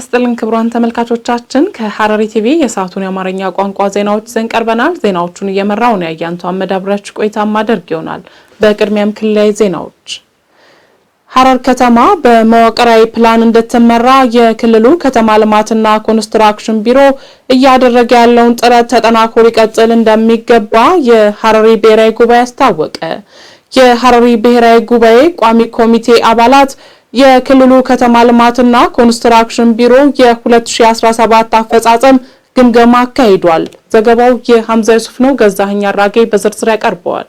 ያስጥልን ክብሯን ተመልካቾቻችን፣ ከሐረሪ ቲቪ የሰዓቱን የአማርኛ ቋንቋ ዜናዎች ዘን ቀርበናል። ዜናዎቹን እየመራው ነው ያያንቱ አመዳብራች ቆይታ ማደርግ ይሆናል። በቅድሚያም ክልላዊ ዜናዎች። ሐረር ከተማ በመዋቅራዊ ፕላን እንድትመራ የክልሉ ከተማ ልማትና ኮንስትራክሽን ቢሮ እያደረገ ያለውን ጥረት ተጠናክሮ ሊቀጥል እንደሚገባ የሐረሪ ብሔራዊ ጉባኤ አስታወቀ። የሐረሪ ብሔራዊ ጉባኤ ቋሚ ኮሚቴ አባላት የክልሉ ከተማ ልማትና ኮንስትራክሽን ቢሮ የ2017 አፈጻጸም ግምገማ አካሂዷል። ዘገባው የሐምዛ ዩሱፍ ነው። ገዛኸኝ አራጌ በዝርዝር ያቀርበዋል።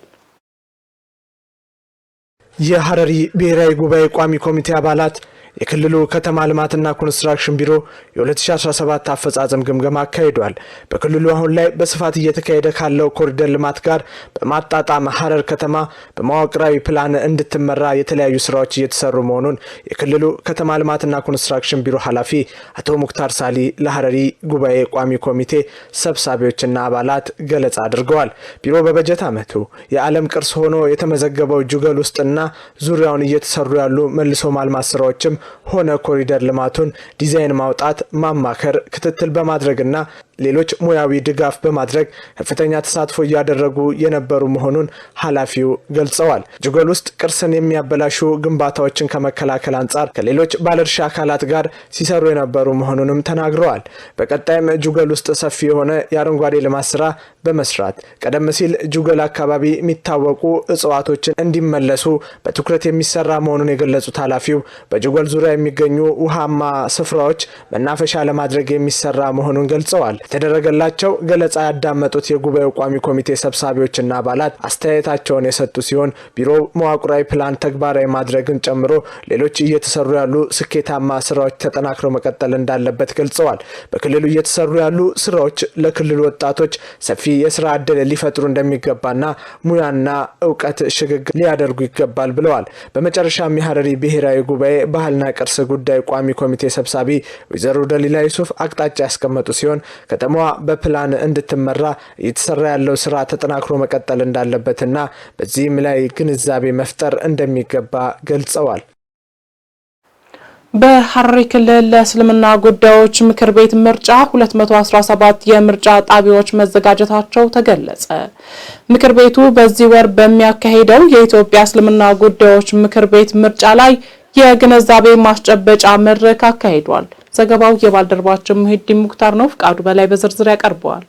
የሐረሪ ብሔራዊ ጉባኤ ቋሚ ኮሚቴ አባላት የክልሉ ከተማ ልማትና ኮንስትራክሽን ቢሮ የ2017 አፈጻጸም ግምገማ አካሂዷል። በክልሉ አሁን ላይ በስፋት እየተካሄደ ካለው ኮሪደር ልማት ጋር በማጣጣም ሀረር ከተማ በመዋቅራዊ ፕላን እንድትመራ የተለያዩ ስራዎች እየተሰሩ መሆኑን የክልሉ ከተማ ልማትና ኮንስትራክሽን ቢሮ ኃላፊ አቶ ሙክታር ሳሊ ለሀረሪ ጉባኤ ቋሚ ኮሚቴ ሰብሳቢዎችና አባላት ገለጻ አድርገዋል። ቢሮ በበጀት ዓመቱ የዓለም ቅርስ ሆኖ የተመዘገበው ጁገል ውስጥና ዙሪያውን እየተሰሩ ያሉ መልሶ ማልማት ስራዎችም ሆነ ኮሪደር ልማቱን ዲዛይን ማውጣት፣ ማማከር፣ ክትትል በማድረግና ሌሎች ሙያዊ ድጋፍ በማድረግ ከፍተኛ ተሳትፎ እያደረጉ የነበሩ መሆኑን ኃላፊው ገልጸዋል። ጅጎል ውስጥ ቅርስን የሚያበላሹ ግንባታዎችን ከመከላከል አንጻር ከሌሎች ባለድርሻ አካላት ጋር ሲሰሩ የነበሩ መሆኑንም ተናግረዋል። በቀጣይም ጁጎል ውስጥ ሰፊ የሆነ የአረንጓዴ ልማት ስራ በመስራት ቀደም ሲል ጁጎል አካባቢ የሚታወቁ እጽዋቶችን እንዲመለሱ በትኩረት የሚሰራ መሆኑን የገለጹት ኃላፊው በጅጎል ዙሪያ የሚገኙ ውሃማ ስፍራዎች መናፈሻ ለማድረግ የሚሰራ መሆኑን ገልጸዋል። የተደረገላቸው ገለጻ ያዳመጡት የጉባኤው ቋሚ ኮሚቴ ሰብሳቢዎችና አባላት አስተያየታቸውን የሰጡ ሲሆን ቢሮው መዋቅራዊ ፕላን ተግባራዊ ማድረግን ጨምሮ ሌሎች እየተሰሩ ያሉ ስኬታማ ስራዎች ተጠናክረው መቀጠል እንዳለበት ገልጸዋል። በክልሉ እየተሰሩ ያሉ ስራዎች ለክልሉ ወጣቶች ሰፊ የስራ እድል ሊፈጥሩ እንደሚገባና ሙያና እውቀት ሽግግር ሊያደርጉ ይገባል ብለዋል። በመጨረሻም የሀረሪ ብሔራዊ ጉባኤ ባህል የቱሪዝምና ቅርስ ጉዳይ ቋሚ ኮሚቴ ሰብሳቢ ወይዘሮ ደሊላ ዩሱፍ አቅጣጫ ያስቀመጡ ሲሆን ከተማዋ በፕላን እንድትመራ እየተሰራ ያለው ስራ ተጠናክሮ መቀጠል እንዳለበትና በዚህም ላይ ግንዛቤ መፍጠር እንደሚገባ ገልጸዋል። በሐረሪ ክልል ለእስልምና ጉዳዮች ምክር ቤት ምርጫ 217 የምርጫ ጣቢያዎች መዘጋጀታቸው ተገለጸ። ምክር ቤቱ በዚህ ወር በሚያካሂደው የኢትዮጵያ እስልምና ጉዳዮች ምክር ቤት ምርጫ ላይ የግንዛቤ ማስጨበጫ መድረክ አካሂዷል። ዘገባው የባልደረባችን ሙሂዲን ሙክታር ነው። ፍቃዱ በላይ በዝርዝር ያቀርበዋል።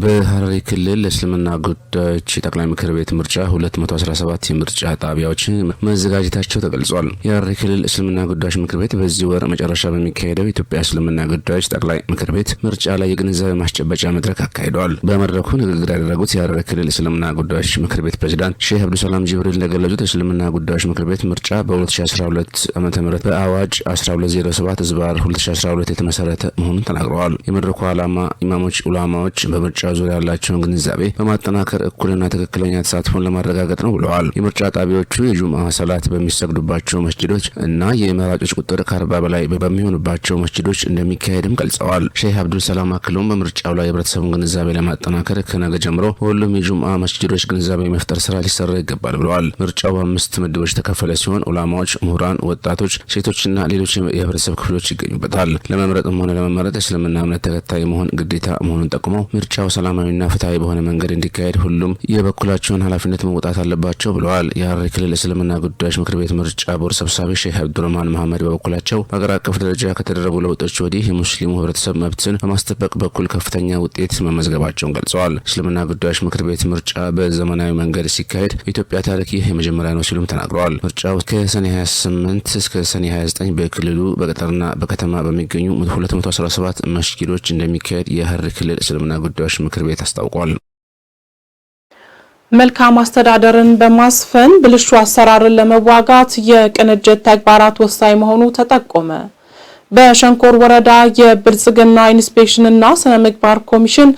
በሐረሪ ክልል እስልምና ጉዳዮች ጠቅላይ ምክር ቤት ምርጫ 217 የምርጫ ጣቢያዎች መዘጋጀታቸው ተገልጿል። የሐረሪ ክልል እስልምና ጉዳዮች ምክር ቤት በዚህ ወር መጨረሻ በሚካሄደው የኢትዮጵያ እስልምና ጉዳዮች ጠቅላይ ምክር ቤት ምርጫ ላይ የግንዛቤ ማስጨበጫ መድረክ አካሂደዋል። በመድረኩ ንግግር ያደረጉት የሐረሪ ክልል እስልምና ጉዳዮች ምክር ቤት ፕሬዚዳንት ሼህ አብዱሰላም ጅብሪል እንደገለጹት እስልምና ጉዳዮች ምክር ቤት ምርጫ በ2012 ዓ ም በአዋጅ 1207 ዝባር 2012 የተመሰረተ መሆኑን ተናግረዋል። የመድረኩ ዓላማ ኢማሞች፣ ኡላማዎች በምር በምርጫ ዙሪያ ያላቸውን ግንዛቤ በማጠናከር እኩልና ትክክለኛ ተሳትፎን ለማረጋገጥ ነው ብለዋል። የምርጫ ጣቢያዎቹ የጁምአ ሰላት በሚሰግዱባቸው መስጅዶች እና የመራጮች ቁጥር ከአርባ በላይ በሚሆኑባቸው መስጅዶች እንደሚካሄድም ገልጸዋል። ሼህ አብዱልሰላም አክሎም በምርጫው ላይ የህብረተሰቡን ግንዛቤ ለማጠናከር ከነገ ጀምሮ በሁሉም የጁምአ መስጅዶች ግንዛቤ መፍጠር ስራ ሊሰራ ይገባል ብለዋል። ምርጫው በአምስት ምድቦች የተከፈለ ሲሆን ዑላማዎች፣ ምሁራን፣ ወጣቶች፣ ሴቶችና ሌሎች የህብረተሰብ ክፍሎች ይገኙበታል። ለመምረጥም ሆነ ለመመረጥ እስልምና እምነት ተከታይ መሆን ግዴታ መሆኑን ጠቁመው ምርጫው ምርጫው ሰላማዊና ፍትሐዊ በሆነ መንገድ እንዲካሄድ ሁሉም የበኩላቸውን ኃላፊነት መውጣት አለባቸው ብለዋል። የሀረሪ ክልል እስልምና ጉዳዮች ምክር ቤት ምርጫ ቦርድ ሰብሳቢ ሼህ አብዱረህማን መሐመድ በበኩላቸው በአገር አቀፍ ደረጃ ከተደረጉ ለውጦች ወዲህ የሙስሊሙ ህብረተሰብ መብትን በማስጠበቅ በኩል ከፍተኛ ውጤት መመዝገባቸውን ገልጸዋል። እስልምና ጉዳዮች ምክር ቤት ምርጫ በዘመናዊ መንገድ ሲካሄድ በኢትዮጵያ ታሪክ ይህ የመጀመሪያ ነው ሲሉም ተናግረዋል። ምርጫው ከሰኔ 28 እስከ ሰኔ 29 በክልሉ በገጠርና በከተማ በሚገኙ 217 መስጊዶች እንደሚካሄድ የሀረሪ ክልል እስልምና ጉዳዮች ምክር ቤት አስታውቋል። መልካም አስተዳደርን በማስፈን ብልሹ አሰራርን ለመዋጋት የቅንጅት ተግባራት ወሳኝ መሆኑ ተጠቆመ። በሸንኮር ወረዳ የብልጽግና ኢንስፔክሽንና ስነ ምግባር ኮሚሽን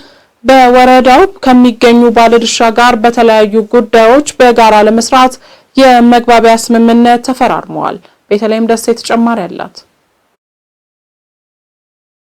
በወረዳው ከሚገኙ ባለድርሻ ጋር በተለያዩ ጉዳዮች በጋራ ለመስራት የመግባቢያ ስምምነት ተፈራርመዋል። በተለይም ደሴ ተጨማሪ አላት።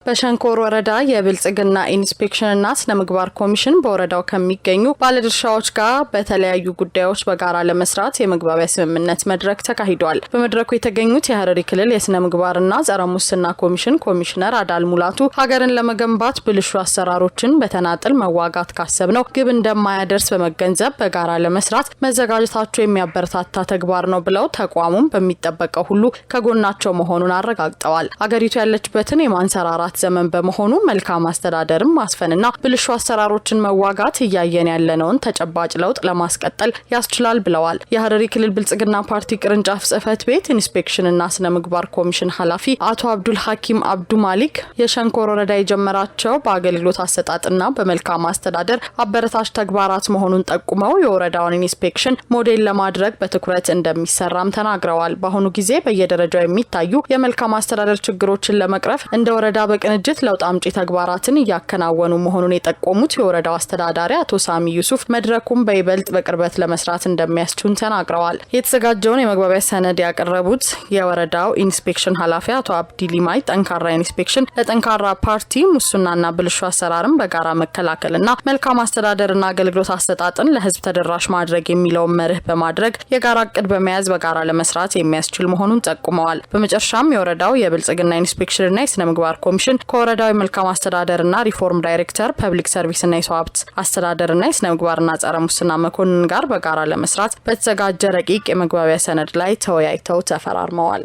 በሸንኮር ወረዳ የብልጽግና ኢንስፔክሽንና ስነ ምግባር ኮሚሽን በወረዳው ከሚገኙ ባለድርሻዎች ጋር በተለያዩ ጉዳዮች በጋራ ለመስራት የመግባቢያ ስምምነት መድረክ ተካሂዷል። በመድረኩ የተገኙት የሀረሪ ክልል የስነ ምግባርና ጸረ ሙስና ኮሚሽን ኮሚሽነር አዳል ሙላቱ ሀገርን ለመገንባት ብልሹ አሰራሮችን በተናጥል መዋጋት ካሰብ ነው ግብ እንደማያደርስ በመገንዘብ በጋራ ለመስራት መዘጋጀታቸው የሚያበረታታ ተግባር ነው ብለው ተቋሙም በሚጠበቀው ሁሉ ከጎናቸው መሆኑን አረጋግጠዋል። አገሪቱ ያለችበትን የማንሰራራት የልማት ዘመን በመሆኑ መልካም አስተዳደርም ማስፈንና ብልሹ አሰራሮችን መዋጋት እያየን ያለነውን ተጨባጭ ለውጥ ለማስቀጠል ያስችላል ብለዋል። የሀረሪ ክልል ብልጽግና ፓርቲ ቅርንጫፍ ጽህፈት ቤት ኢንስፔክሽንና ስነ ምግባር ኮሚሽን ኃላፊ አቶ አብዱል ሐኪም አብዱ ማሊክ የሸንኮር ወረዳ የጀመራቸው በአገልግሎት አሰጣጥና በመልካም አስተዳደር አበረታች ተግባራት መሆኑን ጠቁመው የወረዳውን ኢንስፔክሽን ሞዴል ለማድረግ በትኩረት እንደሚሰራም ተናግረዋል። በአሁኑ ጊዜ በየደረጃው የሚታዩ የመልካም አስተዳደር ችግሮችን ለመቅረፍ እንደ ወረዳ በ በቅንጅት ለውጥ አምጪ ተግባራትን እያከናወኑ መሆኑን የጠቆሙት የወረዳው አስተዳዳሪ አቶ ሳሚ ዩሱፍ መድረኩን በይበልጥ በቅርበት ለመስራት እንደሚያስችሉን ተናግረዋል። የተዘጋጀውን የመግባቢያ ሰነድ ያቀረቡት የወረዳው ኢንስፔክሽን ኃላፊ አቶ አብዲ ሊማይ ጠንካራ ኢንስፔክሽን ለጠንካራ ፓርቲ ሙስናና ብልሹ አሰራርን በጋራ መከላከልና መልካም አስተዳደርና አገልግሎት አሰጣጥን ለህዝብ ተደራሽ ማድረግ የሚለውን መርህ በማድረግ የጋራ እቅድ በመያዝ በጋራ ለመስራት የሚያስችል መሆኑን ጠቁመዋል። በመጨረሻም የወረዳው የብልጽግና ኢንስፔክሽንና የስነ ምግባር ኮሚሽን ኮሚሽን ከወረዳዊ መልካም አስተዳደርና ሪፎርም ዳይሬክተር ፐብሊክ ሰርቪስና የሰው ሀብት አስተዳደርና የስነ ምግባርና ጸረ ሙስና መኮንን ጋር በጋራ ለመስራት በተዘጋጀ ረቂቅ የመግባቢያ ሰነድ ላይ ተወያይተው ተፈራርመዋል።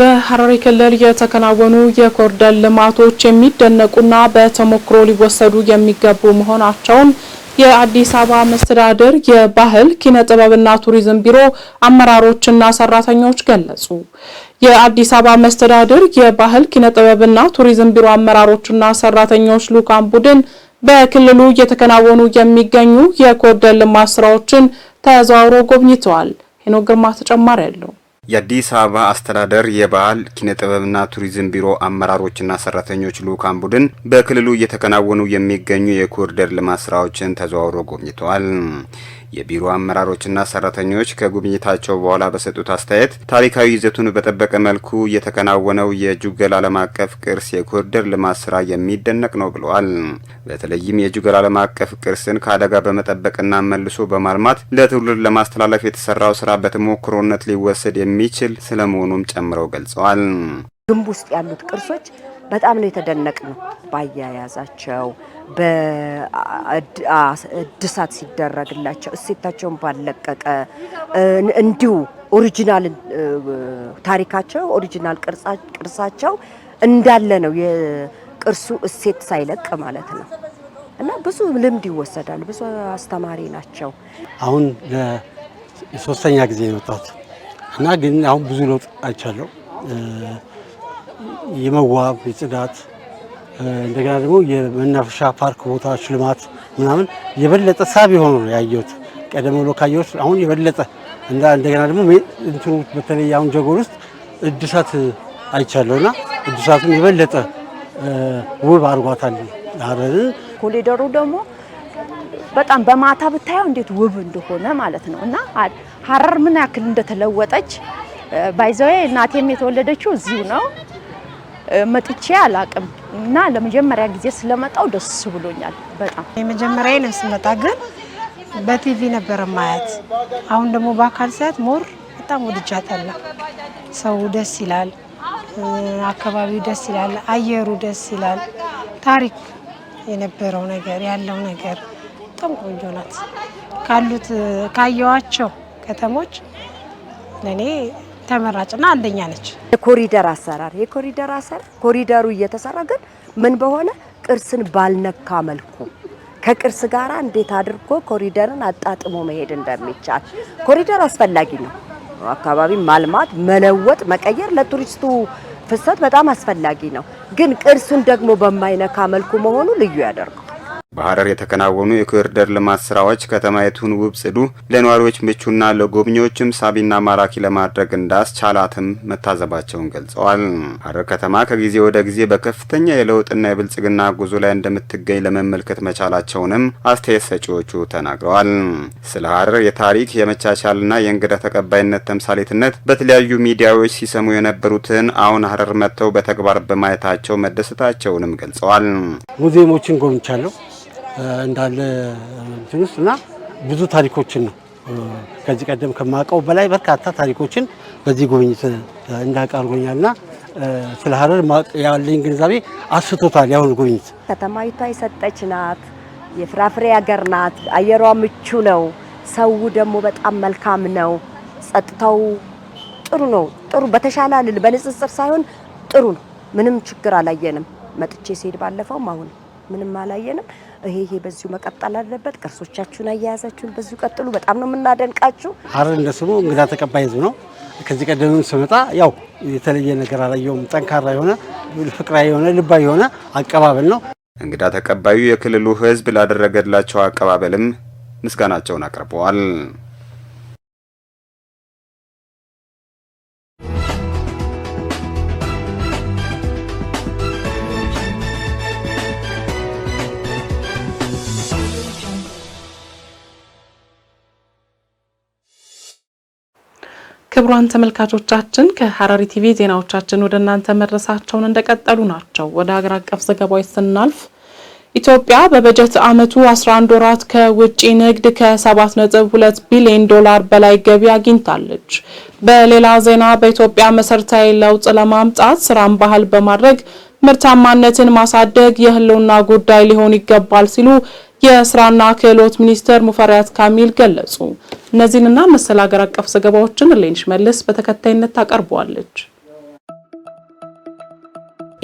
በሐረሪ ክልል የተከናወኑ የኮሪደር ልማቶች የሚደነቁና በተሞክሮ ሊወሰዱ የሚገቡ መሆናቸውን የአዲስ አበባ መስተዳድር የባህል ኪነ ጥበብና ቱሪዝም ቢሮ አመራሮችና ሰራተኞች ገለጹ። የአዲስ አበባ መስተዳድር የባህል ኪነጥበብና ቱሪዝም ቢሮ አመራሮችና ሰራተኞች ሉካን ቡድን በክልሉ እየተከናወኑ የሚገኙ የኮሪደር ልማት ስራዎችን ተዘዋውሮ ጎብኝተዋል። ሄኖክ ግርማ ተጨማሪ ያለው። የአዲስ አበባ አስተዳደር የባህል ኪነጥበብና ቱሪዝም ቢሮ አመራሮችና ሰራተኞች ሉካን ቡድን በክልሉ እየተከናወኑ የሚገኙ የኮሪደር ልማት ስራዎችን ተዘዋውሮ ጎብኝተዋል። የቢሮ አመራሮችና ሰራተኞች ከጉብኝታቸው በኋላ በሰጡት አስተያየት ታሪካዊ ይዘቱን በጠበቀ መልኩ የተከናወነው የጁገል ዓለም አቀፍ ቅርስ የኮሪደር ልማት ስራ የሚደነቅ ነው ብለዋል። በተለይም የጁገል ዓለም አቀፍ ቅርስን ከአደጋ በመጠበቅና መልሶ በማልማት ለትውልድ ለማስተላለፍ የተሰራው ስራ በተሞክሮነት ሊወሰድ የሚችል ስለመሆኑም ጨምረው ገልጸዋል። ግንብ ውስጥ ያሉት ቅርሶች በጣም ነው የተደነቅ ነው ባያያዛቸው በእድሳት ሲደረግላቸው እሴታቸውን ባለቀቀ እንዲሁ ኦሪጂናል ታሪካቸው ኦሪጂናል ቅርሳቸው እንዳለ ነው። የቅርሱ እሴት ሳይለቅ ማለት ነው እና ብዙ ልምድ ይወሰዳል። ብዙ አስተማሪ ናቸው። አሁን ለሶስተኛ ጊዜ የመጣሁት እና ግን አሁን ብዙ ለውጥ አይቻለሁ። የመዋብ የጽዳት እንደገና ደግሞ የመናፈሻ ፓርክ ቦታዎች ልማት ምናምን የበለጠ ሳቢ ሆኖ ነው ያየሁት። ቀደም ብሎ ካየሁት አሁን የበለጠ እንደገና ደግሞ እንትኑ በተለይ አሁን ጀጎል ውስጥ እድሳት አይቻለሁ እና እድሳቱን የበለጠ ውብ አድርጓታል። ሀረርን ኮሊደሩ ደግሞ በጣም በማታ ብታየው እንዴት ውብ እንደሆነ ማለት ነው እና ሀረር ምን ያክል እንደተለወጠች ባይዘዌ እናቴም የተወለደችው እዚሁ ነው። መጥቼ አላቅም እና ለመጀመሪያ ጊዜ ስለመጣው ደስ ብሎኛል በጣም። የመጀመሪያ ነው ስመጣ፣ ግን በቲቪ ነበረ ማያት። አሁን ደግሞ በአካል ሳያት ሞር በጣም ወድጃታለሁ። ሰው ደስ ይላል፣ አካባቢው ደስ ይላል፣ አየሩ ደስ ይላል። ታሪክ የነበረው ነገር ያለው ነገር በጣም ቆንጆ ናት። ካሉት ካየዋቸው ከተሞች ለእኔ ተመራጭና አንደኛ ነች። የኮሪደር አሰራር የኮሪደር አሰራር ኮሪደሩ እየተሰራ ግን ምን በሆነ ቅርስን ባልነካ መልኩ ከቅርስ ጋር እንዴት አድርጎ ኮሪደርን አጣጥሞ መሄድ እንደሚቻል ኮሪደር አስፈላጊ ነው። አካባቢ ማልማት፣ መለወጥ፣ መቀየር ለቱሪስቱ ፍሰት በጣም አስፈላጊ ነው። ግን ቅርሱን ደግሞ በማይነካ መልኩ መሆኑ ልዩ ያደርገው በሐረር የተከናወኑ የኮሪደር ልማት ስራዎች ከተማይቱን ውብ፣ ጽዱ፣ ለነዋሪዎች ምቹና ለጎብኚዎችም ሳቢና ማራኪ ለማድረግ እንዳስቻላትም መታዘባቸውን ገልጸዋል። ሐረር ከተማ ከጊዜ ወደ ጊዜ በከፍተኛ የለውጥና የብልጽግና ጉዞ ላይ እንደምትገኝ ለመመልከት መቻላቸውንም አስተያየት ሰጪዎቹ ተናግረዋል። ስለ ሐረር የታሪክ የመቻቻልና የእንግዳ ተቀባይነት ተምሳሌትነት በተለያዩ ሚዲያዎች ሲሰሙ የነበሩትን አሁን ሐረር መጥተው በተግባር በማየታቸው መደሰታቸውንም ገልጸዋል። ሙዚየሞችን ጎብኝቻለሁ። እንዳለ እንትን ውስጥ እና ብዙ ታሪኮችን ነው ከዚህ ቀደም ከማውቀው በላይ በርካታ ታሪኮችን በዚህ ጉብኝት እንዳቀርጎኛል አድርጎኛልና ስለ ሀረር ያለኝ ግንዛቤ አስቶታል። ያሁን ጉብኝት ከተማይቷ የሰጠች ናት። የፍራፍሬ ሀገር ናት። አየሯ ምቹ ነው። ሰው ደግሞ በጣም መልካም ነው። ጸጥታው ጥሩ ነው። ጥሩ በተሻለ አልል በንጽጽር ሳይሆን ጥሩ ነው። ምንም ችግር አላየንም። መጥቼ ሲሄድ ባለፈውም አሁን ምንም አላየንም። ይሄ ይሄ በዚሁ መቀጠል አለበት፣ ቅርሶቻችሁን አያያዛችሁን በዚሁ ቀጥሉ፣ በጣም ነው የምናደንቃችሁ። ሀረር እንደ ስሙ እንግዳ ተቀባይ ህዝብ ነው። ከዚህ ቀደምም ስመጣ ያው የተለየ ነገር አላየውም። ጠንካራ የሆነ ፍቅራዊ የሆነ ልባዊ የሆነ አቀባበል ነው። እንግዳ ተቀባዩ የክልሉ ህዝብ ላደረገላቸው አቀባበልም ምስጋናቸውን አቅርበዋል። ክቡራን ተመልካቾቻችን ከሐረሪ ቲቪ ዜናዎቻችን ወደ እናንተ መድረሳቸውን እንደቀጠሉ ናቸው። ወደ ሀገር አቀፍ ዘገባዎች ስናልፍ ኢትዮጵያ በበጀት ዓመቱ 11 ወራት ከውጭ ንግድ ከ7.2 ቢሊዮን ዶላር በላይ ገቢ አግኝታለች። በሌላ ዜና በኢትዮጵያ መሰረታዊ ለውጥ ለማምጣት ስራን ባህል በማድረግ ምርታማነትን ማሳደግ የህልውና ጉዳይ ሊሆን ይገባል ሲሉ የስራና ክህሎት ሚኒስትር ሙፈሪያት ካሚል ገለጹ። እነዚህንና መሰል ሀገር አቀፍ ዘገባዎችን ሌንሽ መልስ በተከታይነት ታቀርበዋለች።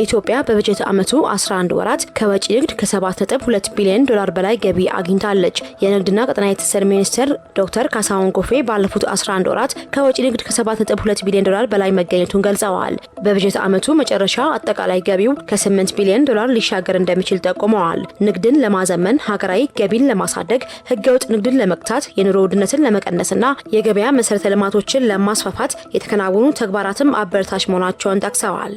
ኢትዮጵያ በበጀት ዓመቱ 11 ወራት ከወጪ ንግድ ከ7.2 ቢሊዮን ዶላር በላይ ገቢ አግኝታለች። የንግድና ቀጠና ትስስር ሚኒስትር ዶክተር ካሳሁን ጎፌ ባለፉት 11 ወራት ከወጪ ንግድ ከ7.2 ቢሊዮን ዶላር በላይ መገኘቱን ገልጸዋል። በበጀት ዓመቱ መጨረሻ አጠቃላይ ገቢው ከ8 ቢሊዮን ዶላር ሊሻገር እንደሚችል ጠቁመዋል። ንግድን ለማዘመን፣ ሀገራዊ ገቢን ለማሳደግ፣ ህገወጥ ንግድን ለመቅታት፣ የኑሮ ውድነትን ለመቀነስና የገበያ መሰረተ ልማቶችን ለማስፋፋት የተከናወኑ ተግባራትም አበረታች መሆናቸውን ጠቅሰዋል።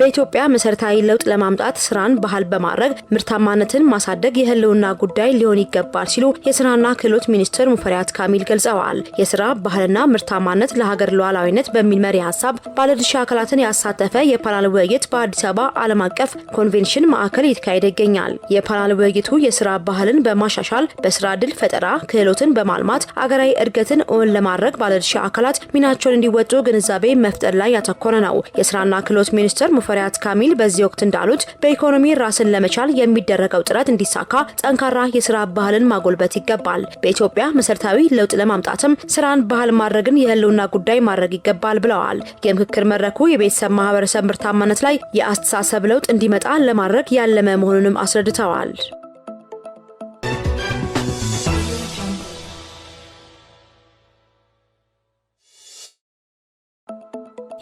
በኢትዮጵያ መሰረታዊ ለውጥ ለማምጣት ስራን ባህል በማድረግ ምርታማነትን ማሳደግ የህልውና ጉዳይ ሊሆን ይገባል ሲሉ የስራና ክህሎት ሚኒስትር ሙፈሪያት ካሚል ገልጸዋል። የስራ ባህልና ምርታማነት ለሀገር ሉዓላዊነት በሚል መሪ ሀሳብ ባለድርሻ አካላትን ያሳተፈ የፓናል ውይይት በአዲስ አበባ ዓለም አቀፍ ኮንቬንሽን ማዕከል እየተካሄደ ይገኛል። የፓናል ውይይቱ የስራ ባህልን በማሻሻል በስራ ድል ፈጠራ ክህሎትን በማልማት አገራዊ እድገትን እውን ለማድረግ ባለድርሻ አካላት ሚናቸውን እንዲወጡ ግንዛቤ መፍጠር ላይ ያተኮረ ነው። የስራና ክህሎት ሚኒስትር ሙፈሪያት ካሚል በዚህ ወቅት እንዳሉት በኢኮኖሚ ራስን ለመቻል የሚደረገው ጥረት እንዲሳካ ጠንካራ የስራ ባህልን ማጎልበት ይገባል። በኢትዮጵያ መሰረታዊ ለውጥ ለማምጣትም ስራን ባህል ማድረግን የህልውና ጉዳይ ማድረግ ይገባል ብለዋል። የምክክር መድረኩ የቤተሰብ ማህበረሰብ ምርታማነት ላይ የአስተሳሰብ ለውጥ እንዲመጣ ለማድረግ ያለመ መሆኑንም አስረድተዋል።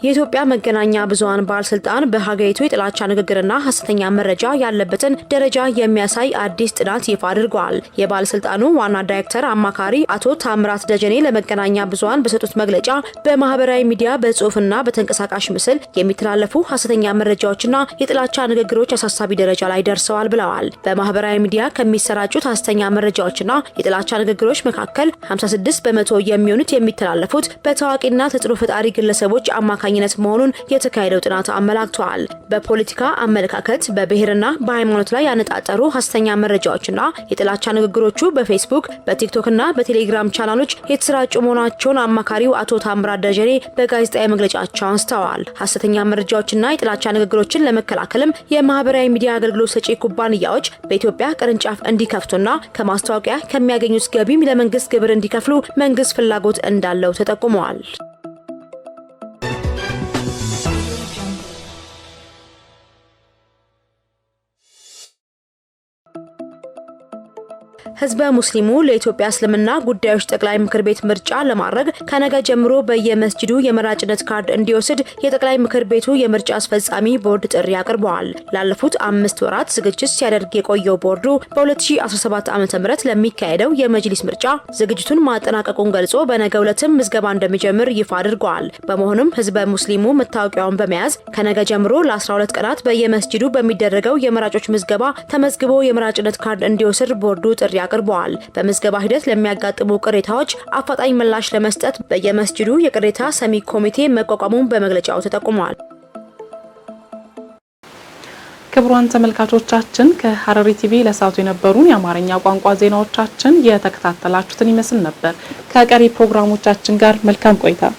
የኢትዮጵያ መገናኛ ብዙሀን ባለስልጣን በሀገሪቱ የጥላቻ ንግግርና ሀሰተኛ መረጃ ያለበትን ደረጃ የሚያሳይ አዲስ ጥናት ይፋ አድርጓል። የባለስልጣኑ ዋና ዳይሬክተር አማካሪ አቶ ታምራት ደጀኔ ለመገናኛ ብዙሀን በሰጡት መግለጫ በማህበራዊ ሚዲያ በጽሁፍና በተንቀሳቃሽ ምስል የሚተላለፉ ሀሰተኛ መረጃዎችና የጥላቻ ንግግሮች አሳሳቢ ደረጃ ላይ ደርሰዋል ብለዋል። በማህበራዊ ሚዲያ ከሚሰራጩት ሀሰተኛ መረጃዎችና የጥላቻ ንግግሮች መካከል 56 በመቶ የሚሆኑት የሚተላለፉት በታዋቂና ተጽዕኖ ፈጣሪ ግለሰቦች አማካ አማካኝነት መሆኑን የተካሄደው ጥናት አመላክቷል። በፖለቲካ አመለካከት፣ በብሔርና በሃይማኖት ላይ ያነጣጠሩ ሀሰተኛ መረጃዎችና የጥላቻ ንግግሮቹ በፌስቡክ በቲክቶክና በቴሌግራም ቻናሎች የተሰራጩ መሆናቸውን አማካሪው አቶ ታምራት ደጀኔ በጋዜጣዊ መግለጫቸው አንስተዋል። ሀሰተኛ መረጃዎችና የጥላቻ ንግግሮችን ለመከላከልም የማህበራዊ ሚዲያ አገልግሎት ሰጪ ኩባንያዎች በኢትዮጵያ ቅርንጫፍ እንዲከፍቱና ከማስታወቂያ ከሚያገኙት ገቢም ለመንግስት ግብር እንዲከፍሉ መንግስት ፍላጎት እንዳለው ተጠቁመዋል። ህዝበ ሙስሊሙ ለኢትዮጵያ እስልምና ጉዳዮች ጠቅላይ ምክር ቤት ምርጫ ለማድረግ ከነገ ጀምሮ በየመስጅዱ የመራጭነት ካርድ እንዲወስድ የጠቅላይ ምክር ቤቱ የምርጫ አስፈጻሚ ቦርድ ጥሪ አቅርበዋል። ላለፉት አምስት ወራት ዝግጅት ሲያደርግ የቆየው ቦርዱ በ2017 ዓ ም ለሚካሄደው የመጅሊስ ምርጫ ዝግጅቱን ማጠናቀቁን ገልጾ በነገ ዕለትም ምዝገባ እንደሚጀምር ይፋ አድርገዋል። በመሆኑም ህዝበ ሙስሊሙ መታወቂያውን በመያዝ ከነገ ጀምሮ ለ12 ቀናት በየመስጅዱ በሚደረገው የመራጮች ምዝገባ ተመዝግቦ የመራጭነት ካርድ እንዲወስድ ቦርዱ ጥሪ አቅርበዋል። በምዝገባ ሂደት ለሚያጋጥሙ ቅሬታዎች አፋጣኝ ምላሽ ለመስጠት በየመስጅዱ የቅሬታ ሰሚ ኮሚቴ መቋቋሙን በመግለጫው ተጠቁሟል። ክቡራን ተመልካቾቻችን ከሐረሪ ቲቪ ለሰዓቱ የነበሩን የአማርኛ ቋንቋ ዜናዎቻችን የተከታተላችሁትን ይመስል ነበር። ከቀሪ ፕሮግራሞቻችን ጋር መልካም ቆይታ